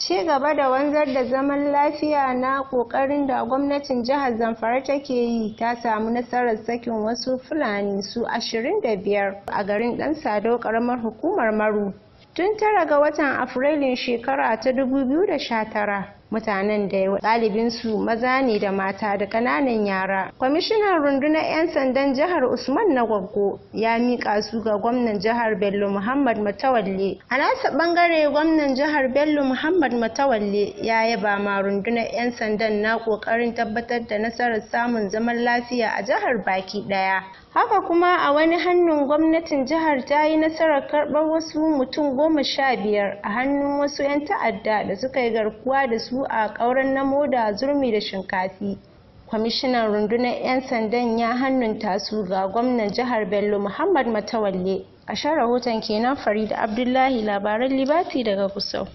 Ci gaba da wanzar da zaman lafiya na ƙoƙarin da gwamnatin jihar Zamfara take yi ta samu nasarar sakin wasu Fulani su 25 a garin ɗan Sadau ƙaramar hukumar Maru. Tun tara ga watan Afrilun shekara ta 2019. mutanen da ɗalibinsu maza ne da mata da ƙananan yara kwamishinan rundunar 'yan sandan jihar usman na gwaggo ya miƙa su ga gwamnan jihar bello muhammad matawalle a nasa ɓangare gwamnan jihar bello muhammad matawalle ya yaba ma rundunar 'yan sandan na ƙoƙarin tabbatar da nasarar samun zaman lafiya a jihar baki ɗaya haka kuma a wani hannun gwamnatin jihar ta yi nasarar karɓar wasu mutum goma sha biyar a hannun wasu 'yan ta'adda da suka yi garkuwa da su yanzu a ƙauren namo da zurmi da shinkafi kwamishinan rundunar 'yan sandan ya hannunta su ga gwamnan jihar bello muhammad matawalle a shan rahoton kenan farid abdullahi labaran libati daga kusau